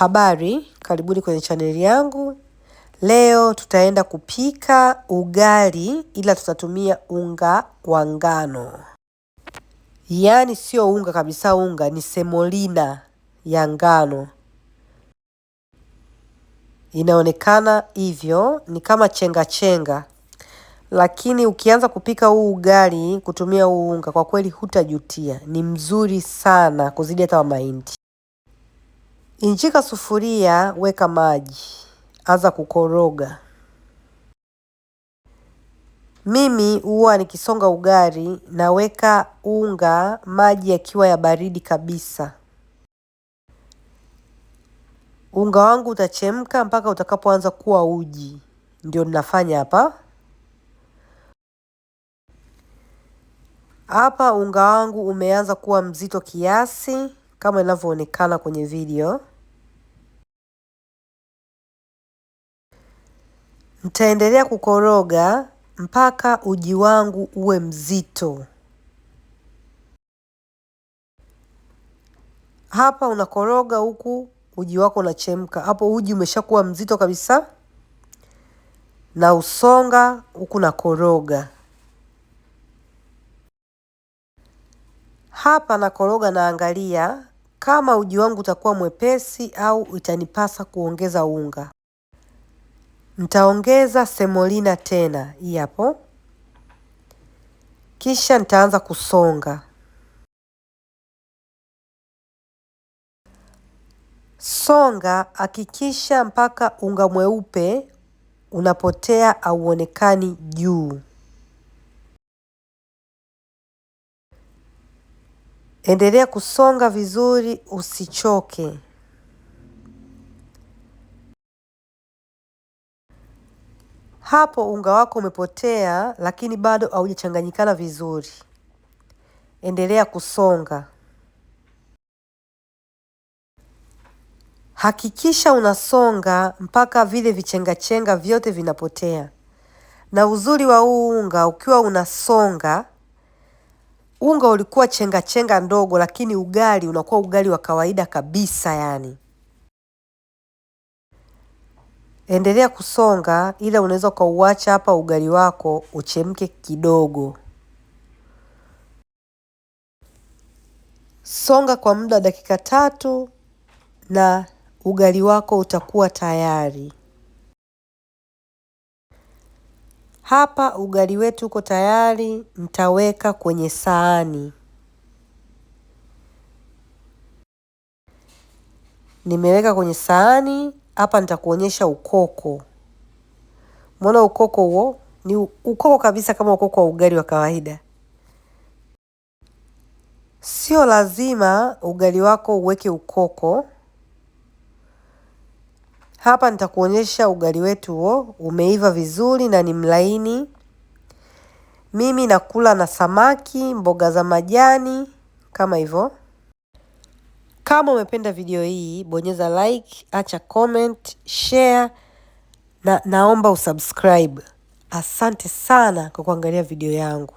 Habari, karibuni kwenye chaneli yangu. Leo tutaenda kupika ugali ila tutatumia unga wa ngano, yaani sio unga kabisa, unga ni semolina ya ngano. Inaonekana hivyo ni kama chenga chenga, lakini ukianza kupika huu ugali kutumia huu unga, kwa kweli hutajutia. Ni mzuri sana kuzidi hata wa mahindi. Injika sufuria, weka maji, anza kukoroga. Mimi huwa nikisonga ugali naweka unga, maji yakiwa ya baridi kabisa. Unga wangu utachemka mpaka utakapoanza kuwa uji, ndio ninafanya hapa hapa. Unga wangu umeanza kuwa mzito kiasi kama inavyoonekana kwenye video. Nitaendelea kukoroga mpaka uji wangu uwe mzito. Hapa unakoroga huku uji wako unachemka. Hapo uji umeshakuwa mzito kabisa, na usonga huku na koroga. Hapa nakoroga, naangalia kama uji wangu utakuwa mwepesi au itanipasa kuongeza unga. Nitaongeza semolina tena, hii hapo, kisha nitaanza kusonga. Songa, hakikisha mpaka unga mweupe unapotea au juu. Endelea kusonga vizuri, usichoke. Hapo unga wako umepotea, lakini bado haujachanganyikana vizuri. Endelea kusonga. Hakikisha unasonga mpaka vile vichengachenga vyote vinapotea. Na uzuri wa huu unga, ukiwa unasonga, unga ulikuwa chengachenga chenga ndogo, lakini ugali unakuwa ugali wa kawaida kabisa yani. Endelea kusonga, ila unaweza ukauacha hapa ugali wako uchemke kidogo. Songa kwa muda wa dakika tatu na ugali wako utakuwa tayari. Hapa ugali wetu uko tayari, nitaweka kwenye sahani. Nimeweka kwenye sahani hapa nitakuonyesha ukoko. mwona ukoko huo? Ni ukoko kabisa kama ukoko wa ugali wa kawaida. Sio lazima ugali wako uweke ukoko. Hapa nitakuonyesha ugali wetu huo umeiva vizuri na ni mlaini. Mimi nakula na samaki, mboga za majani kama hivyo. Kama umependa video hii, bonyeza like, acha comment, share na naomba usubscribe. Asante sana kwa kuangalia video yangu.